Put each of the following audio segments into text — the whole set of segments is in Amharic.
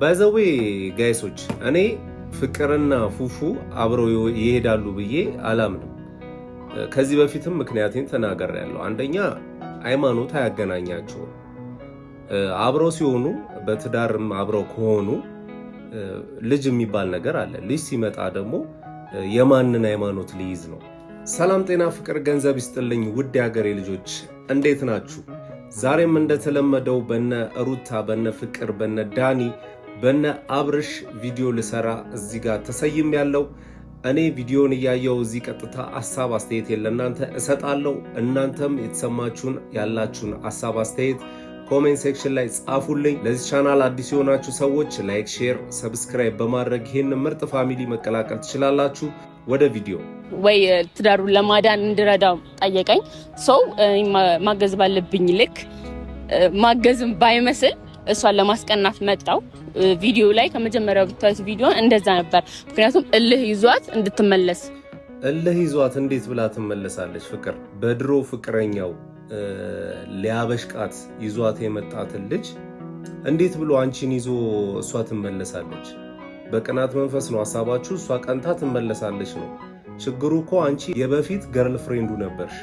ባይዘዌ ጋይሶች እኔ ፍቅርና ፉፉ አብረው ይሄዳሉ ብዬ አላምንም። ከዚህ በፊትም ምክንያቴን ያለው አንደኛ ሃይማኖት አያገናኛቸውም። አብረው ሲሆኑ በትዳርም አብረው ከሆኑ ልጅ የሚባል ነገር አለ። ልጅ ሲመጣ ደግሞ የማንን ሃይማኖት ሊይዝ ነው? ሰላም፣ ጤና፣ ፍቅር፣ ገንዘብ ይስጥልኝ ውድ የሀገሬ ልጆች እንዴት ናችሁ? ዛሬም እንደተለመደው በነ ሩታ፣ በነ ፍቅር፣ በነ ዳኒ በነ አብርሽ ቪዲዮ ልሰራ እዚህ ጋር ተሰይም ያለው እኔ ቪዲዮን እያየው እዚህ ቀጥታ ሀሳብ አስተያየት ለእናንተ እሰጣለሁ። እናንተም የተሰማችሁን ያላችሁን ሀሳብ አስተያየት ኮሜንት ሴክሽን ላይ ጻፉልኝ። ለዚህ ቻናል አዲስ የሆናችሁ ሰዎች ላይክ፣ ሼር፣ ሰብስክራይብ በማድረግ ይህን ምርጥ ፋሚሊ መቀላቀል ትችላላችሁ። ወደ ቪዲዮ ወይ ትዳሩን ለማዳን እንድረዳው ጠየቀኝ። ሰው ማገዝ ባለብኝ ልክ ማገዝም ባይመስል እሷን ለማስቀናት መጣው። ቪዲዮ ላይ ከመጀመሪያው ብታዩት ቪዲዮ እንደዛ ነበር። ምክንያቱም እልህ ይዟት እንድትመለስ እልህ ይዟት እንዴት ብላ ትመለሳለች? ፍቅር በድሮ ፍቅረኛው ሊያበሽቃት ይዟት የመጣትን ልጅ እንዴት ብሎ አንቺን ይዞ እሷ ትመለሳለች? በቅናት መንፈስ ነው ሀሳባችሁ። እሷ ቀንታ ትመለሳለች ነው ችግሩ እኮ አንቺ የበፊት ገርል ፍሬንዱ ነበርሽ።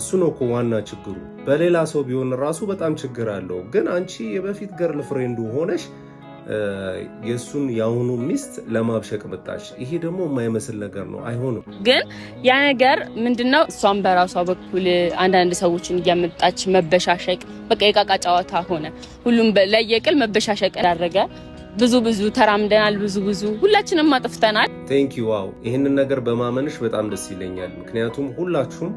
እሱ ነው እኮ ዋና ችግሩ። በሌላ ሰው ቢሆን ራሱ በጣም ችግር አለው። ግን አንቺ የበፊት ገርል ፍሬንዱ ሆነሽ የእሱን የአሁኑ ሚስት ለማብሸቅ መጣሽ። ይሄ ደግሞ የማይመስል ነገር ነው፣ አይሆንም። ግን ያ ነገር ምንድነው እሷም በራሷ በኩል አንዳንድ ሰዎችን እያመጣች መበሻሸቅ፣ በቃ የቃቃ ጨዋታ ሆነ። ሁሉም ለየቅል መበሻሸቅ ያደረገ ብዙ ብዙ ተራምደናል፣ ብዙ ብዙ ሁላችንም አጥፍተናል። ቴንክ ዩ ዋው! ይህንን ነገር በማመንሽ በጣም ደስ ይለኛል። ምክንያቱም ሁላችሁም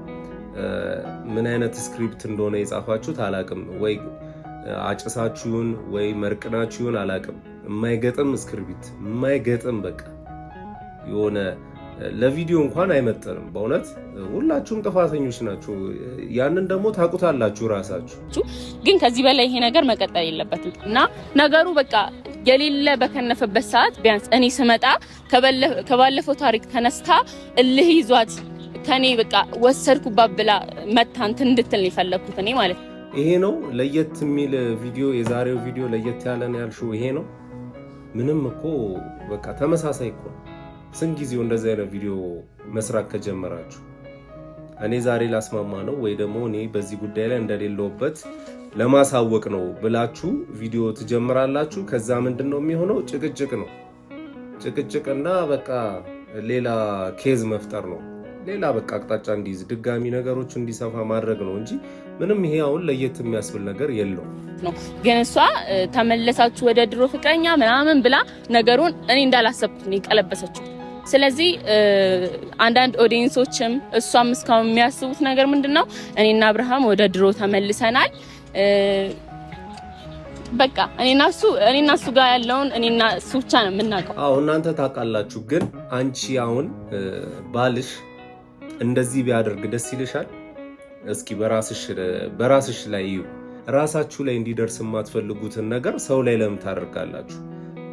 ምን አይነት ስክሪፕት እንደሆነ የጻፋችሁት አላቅም፣ ወይ አጭሳችሁን ወይ መርቅናችሁን አላቅም። የማይገጥም ስክሪፕት የማይገጥም በቃ የሆነ ለቪዲዮ እንኳን አይመጠንም። በእውነት ሁላችሁም ጥፋተኞች ናችሁ። ያንን ደግሞ ታውቁታላችሁ ራሳችሁ። ግን ከዚህ በላይ ይሄ ነገር መቀጠል የለበትም እና ነገሩ በቃ የሌለ በከነፈበት ሰዓት ቢያንስ እኔ ስመጣ ከባለፈው ታሪክ ተነስታ እልህ ይዟት ከኔ በቃ ወሰድኩባት ብላ መታንት እንድትል ነው የፈለግኩት እኔ ማለት ነው። ይሄ ነው ለየት የሚል ቪዲዮ፣ የዛሬው ቪዲዮ ለየት ያለ ነው ያልሽው ይሄ ነው። ምንም እኮ በቃ ተመሳሳይ እኮ ስን ጊዜው እንደዚህ አይነት ቪዲዮ መስራት ከጀመራችሁ እኔ ዛሬ ላስማማ ነው ወይ ደግሞ እኔ በዚህ ጉዳይ ላይ እንደሌለውበት ለማሳወቅ ነው ብላችሁ ቪዲዮ ትጀምራላችሁ። ከዛ ምንድን ነው የሚሆነው? ጭቅጭቅ ነው ጭቅጭቅና በቃ ሌላ ኬዝ መፍጠር ነው። ሌላ በቃ አቅጣጫ እንዲይዝ ድጋሚ ነገሮች እንዲሰፋ ማድረግ ነው እንጂ ምንም ይሄ አሁን ለየት የሚያስብል ነገር የለው ግን እሷ ተመለሳችሁ ወደ ድሮ ፍቅረኛ ምናምን ብላ ነገሩን እኔ እንዳላሰብኩት ቀለበሰችው። ስለዚህ አንዳንድ ኦዲየንሶችም እሷም እስካሁን የሚያስቡት ነገር ምንድን ነው? እኔና አብርሃም ወደ ድሮ ተመልሰናል በቃ እኔና እሱ እኔና እሱ ጋር ያለውን እኔና እሱ ብቻ ነው የምናውቀው። አዎ እናንተ ታውቃላችሁ። ግን አንቺ አሁን ባልሽ እንደዚህ ቢያደርግ ደስ ይልሻል? እስኪ በራስሽ ላይ እዩ። ራሳችሁ ላይ እንዲደርስ የማትፈልጉትን ነገር ሰው ላይ ለምን ታደርጋላችሁ?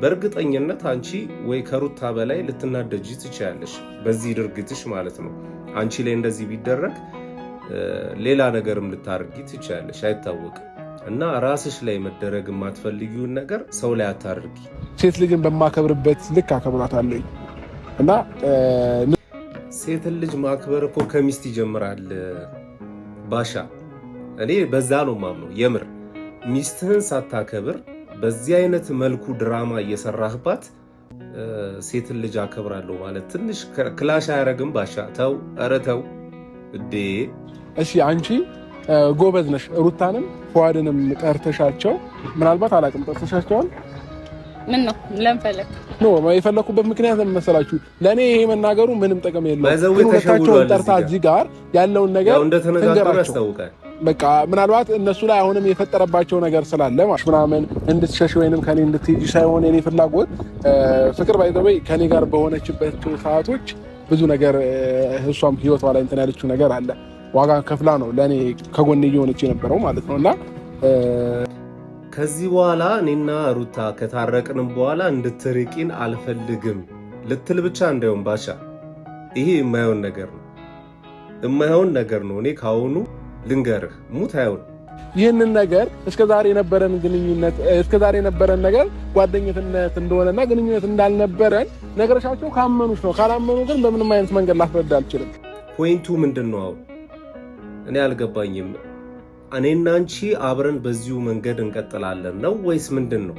በእርግጠኝነት አንቺ ወይ ከሩታ በላይ ልትናደጂ ትችያለሽ፣ በዚህ ድርጊትሽ ማለት ነው። አንቺ ላይ እንደዚህ ቢደረግ ሌላ ነገርም ልታደርጊ ትችያለሽ፣ አይታወቅም። እና ራስሽ ላይ መደረግ የማትፈልጊውን ነገር ሰው ላይ አታድርጊ። ሴት ልጅን በማከብርበት ልክ አከብራታለሁ እና ሴትን ልጅ ማክበር እኮ ከሚስት ይጀምራል ባሻ። እኔ በዛ ነው ማምነው። የምር ሚስትህን ሳታከብር በዚህ አይነት መልኩ ድራማ እየሰራህባት ሴትን ልጅ አከብራለሁ ማለት ትንሽ ክላሽ አያረግም? ባሻ ተው፣ ኧረ ተው እዴ። እሺ አንቺ ጎበዝ ነሽ፣ ሩታንም ፏድንም ጠርተሻቸው ምናልባት አላቅም ጠርተሻቸዋል ምን ነው ለምን ፈለክ? ኖ የፈለኩበት ምክንያት ለምን መሰላችሁ? ለእኔ ይሄ መናገሩ ምንም ጥቅም የለውም። ሁለታቸውን ጠርታ እዚህ ጋር ያለውን ነገር እንደተነጋገሩ ያስታውቃል። በቃ ምናልባት እነሱ ላይ አሁንም የፈጠረባቸው ነገር ስላለ ማሽ ምናምን እንድትሸሽ ወይንም ከኔ እንድትሄጂ ሳይሆን የኔ ፍላጎት ፍቅር ባይዘወይ ከኔ ጋር በሆነችበት ሰዓቶች ብዙ ነገር እሷም ህይወቷ ላይ እንትን ያለችው ነገር አለ። ዋጋ ከፍላ ነው ለእኔ ከጎኔ እየሆነች የነበረው ማለት ነው እና ከዚህ በኋላ እኔና ሩታ ከታረቅንም በኋላ እንድትርቂን አልፈልግም ልትል ብቻ እንዳይሆን ባሻ፣ ይሄ የማይሆን ነገር ነው፣ የማይሆን ነገር ነው። እኔ ካሁኑ ልንገርህ፣ ሙት አይሆን ይህንን ነገር እስከዛሬ የነበረን ግንኙነት እስከዛሬ የነበረን ነገር ጓደኝትነት እንደሆነና ግንኙነት እንዳልነበረን ነገረሻቸው ካመኑች ነው። ካላመኑ ግን በምንም አይነት መንገድ ላስረዳ አልችልም። ፖይንቱ ምንድን ነው? አሁን እኔ አልገባኝም። እኔና አንቺ አብረን በዚሁ መንገድ እንቀጥላለን ነው ወይስ ምንድን ነው?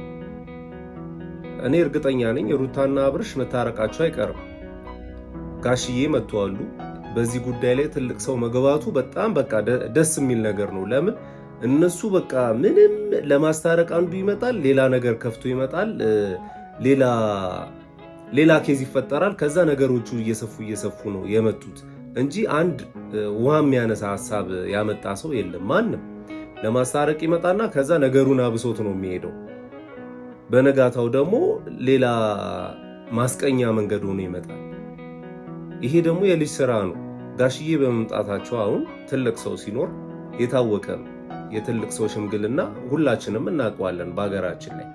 እኔ እርግጠኛ ነኝ ሩታና አብርሽ መታረቃቸው አይቀርም። ጋሽዬ መጥተዋሉ። በዚህ ጉዳይ ላይ ትልቅ ሰው መግባቱ በጣም በቃ ደስ የሚል ነገር ነው። ለምን እነሱ በቃ ምንም ለማስታረቅ አንዱ ይመጣል፣ ሌላ ነገር ከፍቶ ይመጣል፣ ሌላ ሌላ ኬዝ ይፈጠራል። ከዛ ነገሮቹ እየሰፉ እየሰፉ ነው የመጡት። እንጂ አንድ ውሃ የሚያነሳ ሀሳብ ያመጣ ሰው የለም። ማንም ለማስታረቅ ይመጣና ከዛ ነገሩን አብሶት ነው የሚሄደው። በነጋታው ደግሞ ሌላ ማስቀኛ መንገድ ሆኖ ይመጣል። ይሄ ደግሞ የልጅ ስራ ነው። ጋሽዬ በመምጣታቸው አሁን ትልቅ ሰው ሲኖር የታወቀ ነው። የትልቅ ሰው ሽምግልና ሁላችንም እናውቀዋለን በሀገራችን ላይ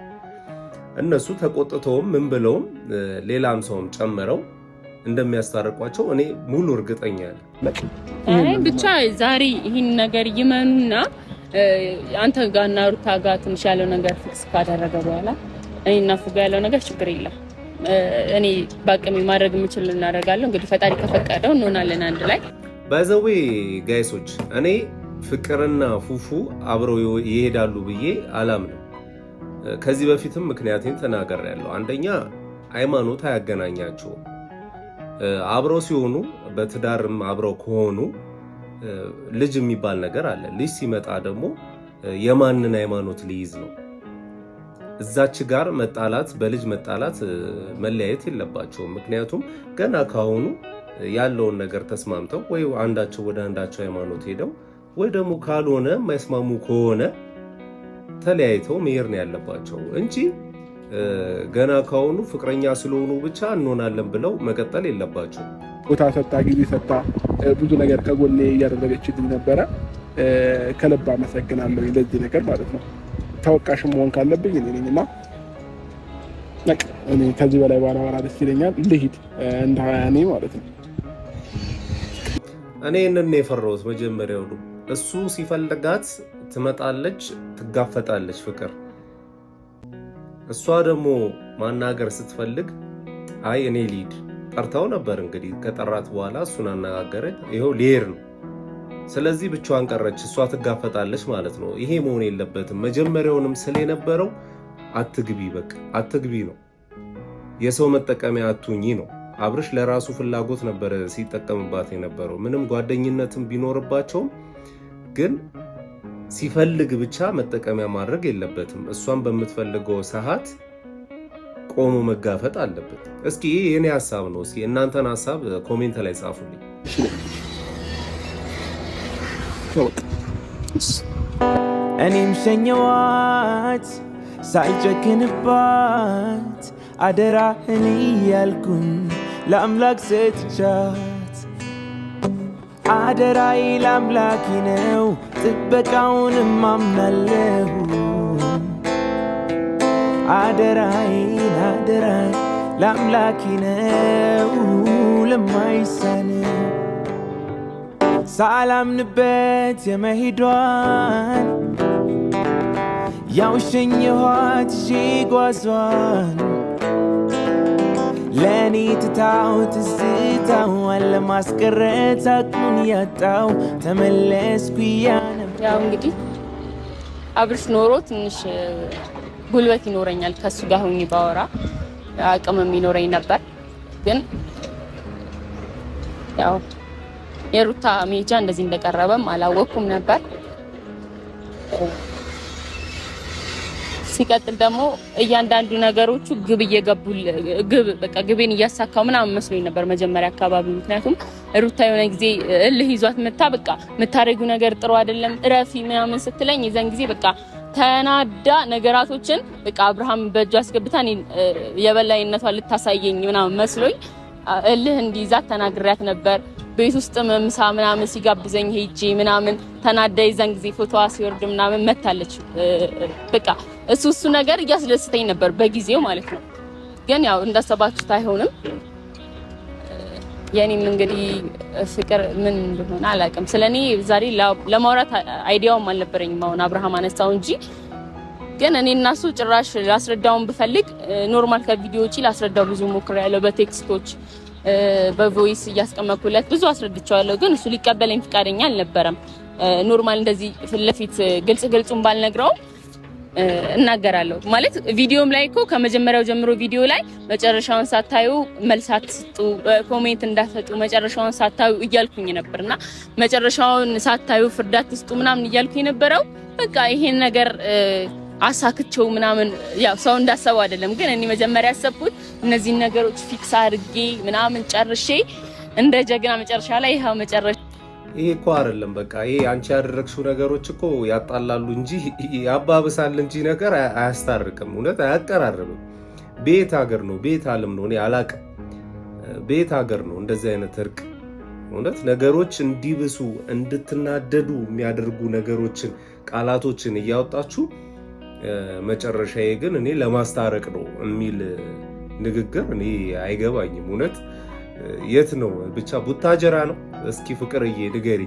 እነሱ ተቆጥተውም ምን ብለውም ሌላም ሰውም ጨምረው እንደሚያስታርቋቸው እኔ ሙሉ እርግጠኛ ያለ ብቻ ዛሬ ይህን ነገር ይመኑና አንተ ጋና ሩታ ጋር ትንሽ ያለው ነገር ፊክስ ካደረገ በኋላ እኔ እና ፉጋ ያለው ነገር ችግር የለም። እኔ በአቅሜ ማድረግ የምችል እናደርጋለሁ። እንግዲህ ፈጣሪ ከፈቀደው እንሆናለን አንድ ላይ ባይዘዌ ጋይሶች። እኔ ፍቅርና ፉፉ አብረው ይሄዳሉ ብዬ አላምንም። ከዚህ በፊትም ምክንያቴን ተናገር ያለው አንደኛ ሃይማኖት አያገናኛቸውም አብረው ሲሆኑ በትዳርም አብረው ከሆኑ ልጅ የሚባል ነገር አለ። ልጅ ሲመጣ ደግሞ የማንን ሃይማኖት ሊይዝ ነው? እዛች ጋር መጣላት፣ በልጅ መጣላት፣ መለያየት የለባቸውም። ምክንያቱም ገና ካሁኑ ያለውን ነገር ተስማምተው ወይ አንዳቸው ወደ አንዳቸው ሃይማኖት ሄደው ወይ ደግሞ ካልሆነ የማይስማሙ ከሆነ ተለያይተው መሄድ ነው ያለባቸው እንጂ ገና ከሆኑ ፍቅረኛ ስለሆኑ ብቻ እንሆናለን ብለው መቀጠል የለባቸው። ቦታ ሰጣ፣ ጊዜ ሰጣ፣ ብዙ ነገር ከጎኔ እያደረገችልኝ ነበረ። ከልብ አመሰግናለሁ ለዚህ ነገር ማለት ነው። ተወቃሽ መሆን ካለብኝ እኔ ነኝ እና ከዚህ በላይ ባላወራ ደስ ይለኛል። ልሂድ እንደ እኔ ማለት ነው። እኔ ይህንን የፈራሁት ሁሉ እሱ ሲፈልጋት ትመጣለች፣ ትጋፈጣለች ፍቅር እሷ ደግሞ ማናገር ስትፈልግ አይ እኔ ሊድ ጠርታው ነበር። እንግዲህ ከጠራት በኋላ እሱን አነጋገረ። ይኸው ሊሄድ ነው። ስለዚህ ብቻዋን ቀረች። እሷ ትጋፈጣለች ማለት ነው። ይሄ መሆን የለበትም። መጀመሪያውንም ስለ የነበረው አትግቢ፣ በቃ አትግቢ ነው። የሰው መጠቀሚያ አትሁኚ ነው። አብርሽ ለራሱ ፍላጎት ነበረ ሲጠቀምባት የነበረው ምንም ጓደኝነትም ቢኖርባቸውም ግን ሲፈልግ ብቻ መጠቀሚያ ማድረግ የለበትም። እሷን በምትፈልገው ሰዓት ቆሞ መጋፈጥ አለበት። እስኪ ይህ የኔ ሀሳብ ነው። እስኪ እናንተን ሀሳብ ኮሜንት ላይ ጻፉልኝ። እኔም ሸኘዋት ሳይጨክንባት እኔ እያልኩኝ ለአምላክ ሰጥቻት አደራይ ለአምላኪ ነው ጥበቃውን አምናለሁ። አደራዬን አደራዬ ነው ለማይሳን ሳላምንበት የመሄዷን ያው ሸኘኋት ይዤ ጓዟን ለእኔ ትታው አቅሙን ያጣው ተመለስኩያ ያው እንግዲህ አብርሽ ኖሮ ትንሽ ጉልበት ይኖረኛል ከሱ ጋር ሆኜ ባወራ አቅምም ይኖረኝ ነበር። ግን ያው የሩታ ሜጃ እንደዚህ እንደቀረበም አላወቅኩም ነበር። ሲቀጥል ደግሞ እያንዳንዱ ነገሮቹ ግብ እየገቡ ግብ በቃ ግቤን እያሳካው ምናምን መስሎኝ ነበር መጀመሪያ አካባቢ ምክንያቱም ሩታ የሆነ ጊዜ እልህ ይዟት መታ በቃ የምታደርጊው ነገር ጥሩ አይደለም እረፊ ምናምን ስትለኝ የዛን ጊዜ በቃ ተናዳ ነገራቶችን በቃ አብርሃም በእጁ አስገብታ የበላይነቷን ልታሳየኝ ምናምን መስሎኝ እልህ እንዲይዛት ተናግሪያት ነበር። ቤት ውስጥ ምሳ ምናምን ሲጋብዘኝ ሄጄ ምናምን ተናዳ የዛን ጊዜ ፎቶዋ ሲወርድ ምናምን መታለች። በቃ እሱ እሱ ነገር እያስደስተኝ ነበር በጊዜው ማለት ነው። ግን ያው እንዳሰባችሁት አይሆንም። የኔም እንግዲህ ፍቅር ምን እንደሆነ አላውቅም። ስለ እኔ ዛሬ ለማውራት አይዲያውም አልነበረኝም። አሁን አብርሃም አነሳው እንጂ ግን እኔ እናሱ ጭራሽ ላስረዳውን ብፈልግ ኖርማል ከቪዲዮ ውጪ ላስረዳው ብዙ ሞክሬያለሁ። በቴክስቶች በቮይስ እያስቀመኩለት ብዙ አስረድቸዋለሁ፣ ግን እሱ ሊቀበለኝ ፈቃደኛ አልነበረም። ኖርማል እንደዚህ ፊት ለፊት ግልጽ ግልጹን ባልነግረውም እናገራለሁ ማለት ቪዲዮም ላይ እኮ ከመጀመሪያው ጀምሮ ቪዲዮ ላይ መጨረሻውን ሳታዩ መልስ አትስጡ፣ ኮሜንት እንዳትሰጡ መጨረሻውን ሳታዩ እያልኩኝ ነበርና መጨረሻውን ሳታዩ ፍርድ አትስጡ ምናምን እያልኩኝ ነበረው። በቃ ይሄን ነገር አሳክቸው ምናምን ያው ሰው እንዳሰበው አይደለም፣ ግን እኔ መጀመሪያ ያሰብኩት እነዚህን ነገሮች ፊክስ አድርጌ ምናምን ጨርሼ እንደ ጀግና መጨረሻ ላይ ይኸው መጨረሻ ይሄ እኮ አይደለም በቃ ይሄ አንቺ ያደረግሽው ነገሮች እኮ ያጣላሉ እንጂ ያባብሳል እንጂ ነገር አያስታርቅም፣ እውነት አያቀራርብም። ቤት ሀገር ነው ቤት ዓለም ነው እኔ አላቅም። ቤት ሀገር ነው እንደዚህ አይነት እርቅ እውነት ነገሮች እንዲብሱ እንድትናደዱ የሚያደርጉ ነገሮችን ቃላቶችን እያወጣችሁ መጨረሻዬ ግን እኔ ለማስታረቅ ነው የሚል ንግግር እኔ አይገባኝም እውነት የት ነው? ብቻ ቡታጀራ ነው። እስኪ ፍቅርዬ ንገሪ፣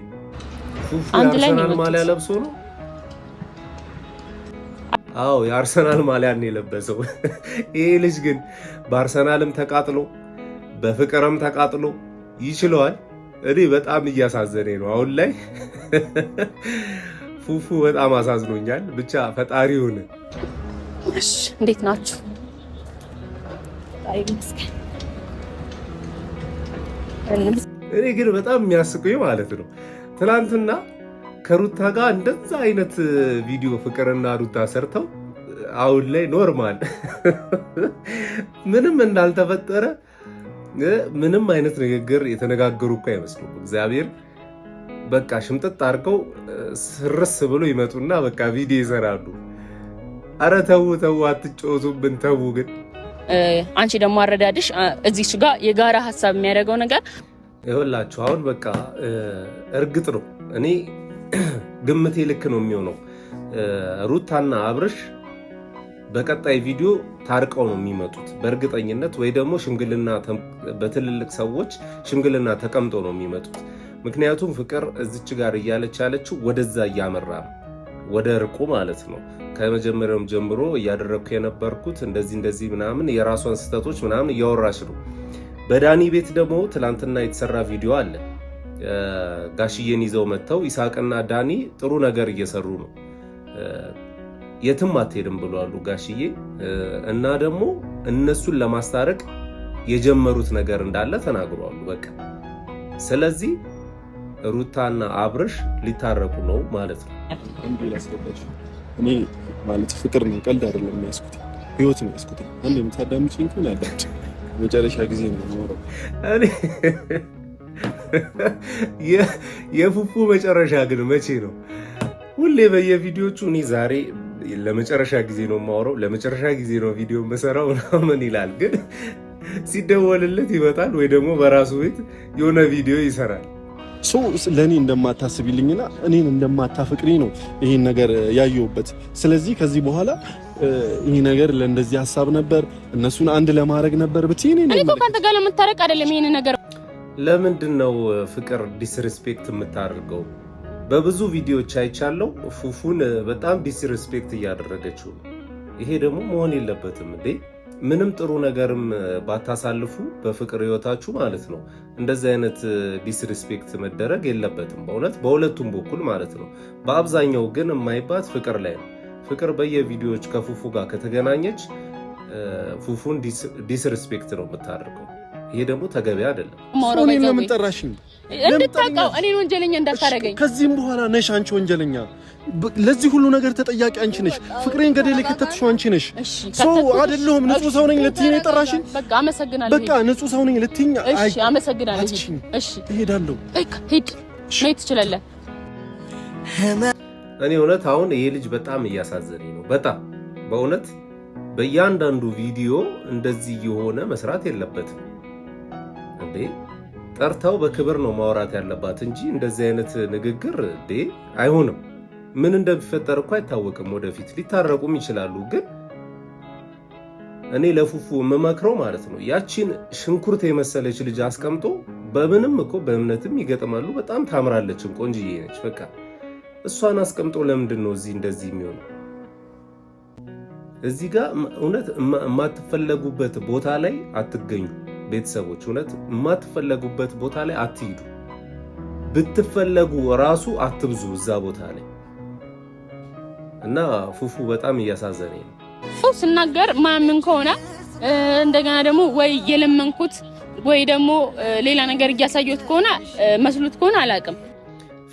ፉፉ የአርሰናል ማሊያ ለብሶ ነው? አዎ የአርሰናል ነው የለበሰው። ይሄ ልጅ ግን በአርሰናልም ተቃጥሎ በፍቅርም ተቃጥሎ ይችለዋል። እኔ በጣም እያሳዘኔ ነው አሁን ላይ ፉፉ በጣም አሳዝኖኛል። ብቻ ፈጣሪ ሆነ። እንዴት ናችሁ? እኔ ግን በጣም የሚያስቁኝ ማለት ነው ትናንትና ከሩታ ጋር እንደዛ አይነት ቪዲዮ ፍቅርና ሩታ ሰርተው አሁን ላይ ኖርማል ምንም እንዳልተፈጠረ ምንም አይነት ንግግር የተነጋገሩ እኮ አይመስሉም። እግዚአብሔር በቃ ሽምጥጥ አድርገው ስርስ ብሎ ይመጡና በቃ ቪዲዮ ይሰራሉ። አረ ተዉ ተዉ፣ አትጫወቱብን ተዉ ግን አንቺ ደግሞ አረዳድሽ እዚች ጋር የጋራ ሀሳብ የሚያደርገው ነገር ይኸውላችሁ፣ አሁን በቃ እርግጥ ነው እኔ ግምቴ ልክ ነው የሚሆነው። ሩታና አብርሽ በቀጣይ ቪዲዮ ታርቀው ነው የሚመጡት በእርግጠኝነት፣ ወይ ደግሞ ሽምግልና በትልልቅ ሰዎች ሽምግልና ተቀምጠው ነው የሚመጡት። ምክንያቱም ፍቅር እዚች ጋር እያለች ያለችው ወደዛ እያመራ ነው ወደ እርቁ ማለት ነው። ከመጀመሪያውም ጀምሮ እያደረግኩ የነበርኩት እንደዚህ እንደዚህ ምናምን የራሷን ስህተቶች ምናምን እያወራች ነው። በዳኒ ቤት ደግሞ ትናንትና የተሰራ ቪዲዮ አለ። ጋሽዬን ይዘው መጥተው ይሳቅና ዳኒ ጥሩ ነገር እየሰሩ ነው። የትም አትሄድም ብለዋሉ ጋሽዬ እና ደግሞ እነሱን ለማስታረቅ የጀመሩት ነገር እንዳለ ተናግረዋሉ። በቃ ስለዚህ ሩታና አብርሽ ሊታረቁ ነው ማለት ነው። እኔ ማለት ፍቅር ነው፣ ቀልድ አይደለም የሚያስኩት ህይወት ነው ያስኩት። አንድ የምታዳምጪኝ ከሆነ ያዳምጪ። መጨረሻ ጊዜ ነው የምኖረው። የፉፉ መጨረሻ ግን መቼ ነው? ሁሌ በየቪዲዮቹ እኔ ዛሬ ለመጨረሻ ጊዜ ነው የማወራው፣ ለመጨረሻ ጊዜ ነው ቪዲዮ መሰራው ምናምን ይላል። ግን ሲደወልለት ይመጣል፣ ወይ ደግሞ በራሱ ቤት የሆነ ቪዲዮ ይሰራል። ሰው ለእኔ እንደማታስቢልኝና እኔን እንደማታፍቅሪ ነው ይህን ነገር ያየሁበት። ስለዚህ ከዚህ በኋላ ይህ ነገር ለእንደዚህ ሀሳብ ነበር እነሱን አንድ ለማድረግ ነበር ብትይ እኔ እኮ ከአንተ ጋር ለምታረቅ አይደለም ይህን ነገር ለምንድን ነው ፍቅር ዲስሪስፔክት የምታደርገው? በብዙ ቪዲዮዎች አይቻለው ፉፉን በጣም ዲስሪስፔክት እያደረገችው። ይሄ ደግሞ መሆን የለበትም እንዴ ምንም ጥሩ ነገርም ባታሳልፉ በፍቅር ህይወታችሁ ማለት ነው እንደዚህ አይነት ዲስሪስፔክት መደረግ የለበትም። በእውነት በሁለቱም በኩል ማለት ነው። በአብዛኛው ግን የማይባት ፍቅር ላይ ነው። ፍቅር በየቪዲዮዎች ከፉፉ ጋር ከተገናኘች ፉፉን ዲስሪስፔክት ነው የምታደርገው። ይሄ ደግሞ ተገቢ አይደለም። እኔን ለምን ጠራሽኝ? እንድታውቀው እኔን ወንጀለኛ እንዳታረገኝ። ከዚህም በኋላ ነሽ አንቺ ወንጀለኛ። ለዚህ ሁሉ ነገር ተጠያቂ አንቺ ነሽ። ፍቅሬን ገደል የከተትሽው አንቺ ነሽ። ሰው አይደለሁም ንጹህ ሰው ነኝ ልትይኝ ነው የጠራሽኝ። በቃ አመሰግናለሁ። በቃ ንጹህ ሰው ነኝ ልትይኝ። እሺ አመሰግናለሁ። እሺ እሄዳለሁ። በቃ ሂድ፣ መሄድ ትችላለህ። እኔ እውነት አሁን ይሄ ልጅ በጣም እያሳዘነኝ ነው። በጣም በእውነት በእያንዳንዱ ቪዲዮ እንደዚህ የሆነ መስራት የለበትም። ጠርታው በክብር ነው ማውራት ያለባት እንጂ እንደዚህ አይነት ንግግር ዴ አይሆንም። ምን እንደሚፈጠር እኮ አይታወቅም። ወደፊት ሊታረቁም ይችላሉ። ግን እኔ ለፉፉ የምመክረው ማለት ነው ያቺን ሽንኩርት የመሰለች ልጅ አስቀምጦ በምንም እኮ በእምነትም ይገጥማሉ። በጣም ታምራለችም፣ ቆንጅዬ ነች። በቃ እሷን አስቀምጦ ለምንድን ነው እዚህ እንደዚህ የሚሆነው? እዚህ ጋር እውነት የማትፈለጉበት ቦታ ላይ አትገኙ። ቤተሰቦች እውነት የማትፈለጉበት ቦታ ላይ አትሂዱ። ብትፈለጉ ራሱ አትብዙ እዛ ቦታ ላይ እና ፉፉ በጣም እያሳዘነ ነው። ስናገር ማምን ከሆነ እንደገና ደግሞ ወይ የለመንኩት ወይ ደግሞ ሌላ ነገር እያሳየሁት ከሆነ መስሉት ከሆነ አላውቅም።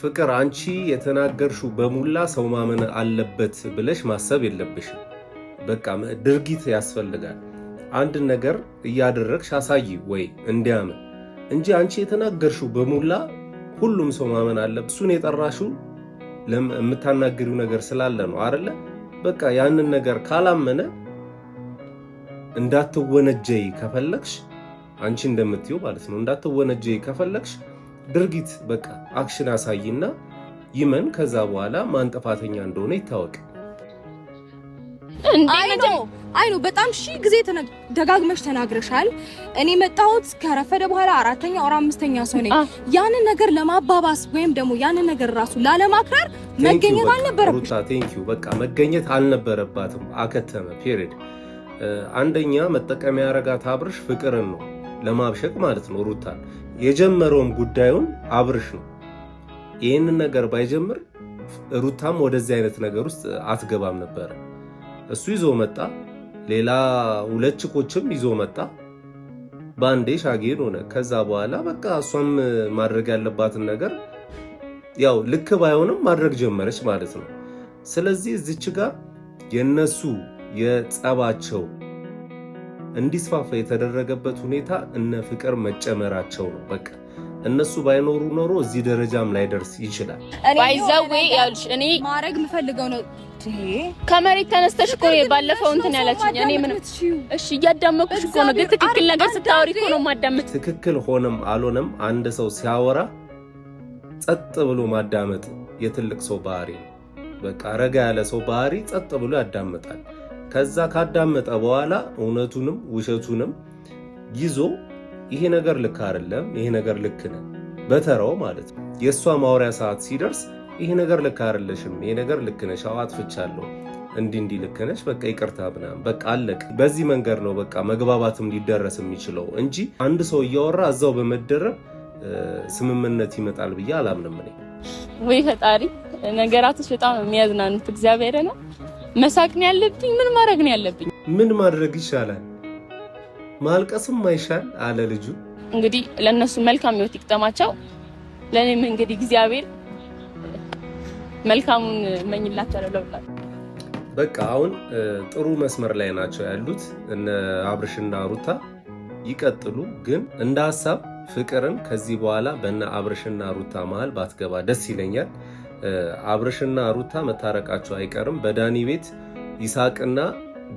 ፍቅር አንቺ የተናገርሽው በሙላ ሰው ማመን አለበት ብለሽ ማሰብ የለብሽም። በቃ ድርጊት ያስፈልጋል። አንድን ነገር እያደረግሽ አሳይ ወይ እንዲያምን እንጂ አንቺ የተናገርሽው በሙላ ሁሉም ሰው ማመን አለብ። እሱን የጠራሽው የምታናግሪው ነገር ስላለ ነው አይደለ? በቃ ያንን ነገር ካላመነ እንዳትወነጀይ ከፈለግሽ አንቺ እንደምትዩ ማለት ነው። እንዳትወነጀይ ከፈለግሽ ድርጊት በቃ አክሽን አሳይና ይመን። ከዛ በኋላ ማን ጥፋተኛ እንደሆነ ይታወቅ። አይ ነው በጣም ሺ ጊዜ ደጋግመሽ ተናግረሻል። እኔ መጣሁት ከረፈደ በኋላ አራተኛ ወር አምስተኛ ሰው ነኝ። ያንን ነገር ለማባባስ ወይም ደግሞ ያንን ነገር ራሱ ላለማክረር መገኘት አልነበረባትም። ቴንኪው በቃ መገኘት አልነበረባትም። አከተመ ፔሬድ። አንደኛ መጠቀሚያ ያረጋት አብርሽ ፍቅርን ነው ለማብሸቅ ማለት ነው። ሩታን የጀመረውም ጉዳዩን አብርሽ ነው። ይህንን ነገር ባይጀምር ሩታም ወደዚህ አይነት ነገር ውስጥ አትገባም ነበረ። እሱ ይዞ መጣ። ሌላ ሁለት ችኮችም ይዞ መጣ። በአንዴ ሻጌን ሆነ። ከዛ በኋላ በቃ እሷም ማድረግ ያለባትን ነገር ያው ልክ ባይሆንም ማድረግ ጀመረች ማለት ነው። ስለዚህ እዚች ጋር የነሱ የጸባቸው እንዲስፋፋ የተደረገበት ሁኔታ እነ ፍቅር መጨመራቸው ነው። በቃ እነሱ ባይኖሩ ኖሮ እዚህ ደረጃም ላይደርስ ይችላል። እኔ ማድረግ የምፈልገው ነው ከመሬት ተነስተሽ እኮ ባለፈው እንትን ያላችኝ እኔ ምንም እሺ፣ እያዳመኩሽ እኮ ነው። ግን ትክክል ነገር ስታወሪ እኮ ነው ማዳመጥ። ትክክል ሆነም አልሆነም አንድ ሰው ሲያወራ ጸጥ ብሎ ማዳመጥ የትልቅ ሰው ባህሪ ነው። በቃ ረጋ ያለ ሰው ባህሪ ጸጥ ብሎ ያዳምጣል። ከዛ ካዳመጠ በኋላ እውነቱንም ውሸቱንም ይዞ ይሄ ነገር ልክ አይደለም፣ ይሄ ነገር ልክ ነው በተራው ማለት ነው። የእሷ ማውሪያ ሰዓት ሲደርስ ይሄ ነገር ልክ አይደለሽም፣ ይሄ ነገር ልክ ነሽ፣ አዎ አጥፍቻለሁ፣ እንዲህ እንዲህ ልክ ነሽ፣ በቃ ይቅርታ ምናምን በቃ አለቅ። በዚህ መንገድ ነው በቃ መግባባትም ሊደረስ የሚችለው እንጂ አንድ ሰው እያወራ እዛው በመደረብ ስምምነት ይመጣል ብዬ አላምንም። እኔ ወይ ፈጣሪ ነገራቶች በጣም የሚያዝናኑት እግዚአብሔር ነው። መሳቅ ነው ያለብኝ? ምን ማድረግ ነው ያለብኝ? ምን ማድረግ ይሻላል? ማልቀስም አይሻል አለ ልጁ። እንግዲህ ለእነሱ መልካም ህይወት ይቅጠማቸው። ለእኔም እንግዲህ እግዚአብሔር መልካሙን እመኝላቸዋለሁ ለሁላችሁ። በቃ አሁን ጥሩ መስመር ላይ ናቸው ያሉት እነ አብርሽና ሩታ ይቀጥሉ። ግን እንደ ሀሳብ ፍቅርን ከዚህ በኋላ በነ አብርሽና ሩታ መሀል ባትገባ ደስ ይለኛል። አብርሽና ሩታ መታረቃቸው አይቀርም። በዳኒ ቤት ይሳቅና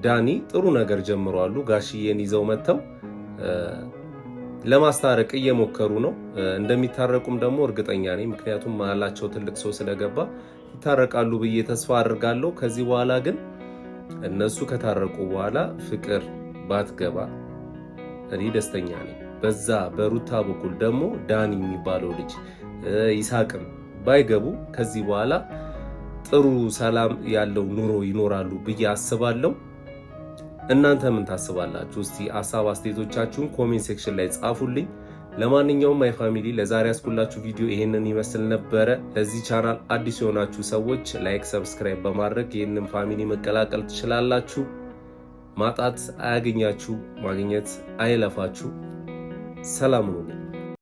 ዳኒ ጥሩ ነገር ጀምረዋሉ። ጋሽዬን ይዘው መጥተው ለማስታረቅ እየሞከሩ ነው። እንደሚታረቁም ደግሞ እርግጠኛ ነኝ፣ ምክንያቱም መሀላቸው ትልቅ ሰው ስለገባ ይታረቃሉ ብዬ ተስፋ አድርጋለሁ። ከዚህ በኋላ ግን እነሱ ከታረቁ በኋላ ፍቅር ባትገባ እኔ ደስተኛ ነኝ። በዛ በሩታ በኩል ደግሞ ዳን የሚባለው ልጅ ይሳቅም ባይገቡ ከዚህ በኋላ ጥሩ ሰላም ያለው ኑሮ ይኖራሉ ብዬ አስባለሁ። እናንተ ምን ታስባላችሁ? እስቲ ሀሳብ አስተያየቶቻችሁን ኮሜንት ሴክሽን ላይ ጻፉልኝ። ለማንኛውም ማይ ፋሚሊ ለዛሬ ያስኩላችሁ ቪዲዮ ይሄንን ይመስል ነበረ። ለዚህ ቻናል አዲስ የሆናችሁ ሰዎች ላይክ፣ ሰብስክራይብ በማድረግ ይህንን ፋሚሊ መቀላቀል ትችላላችሁ። ማጣት አያገኛችሁ፣ ማግኘት አይለፋችሁ። ሰላም ሁኑልኝ።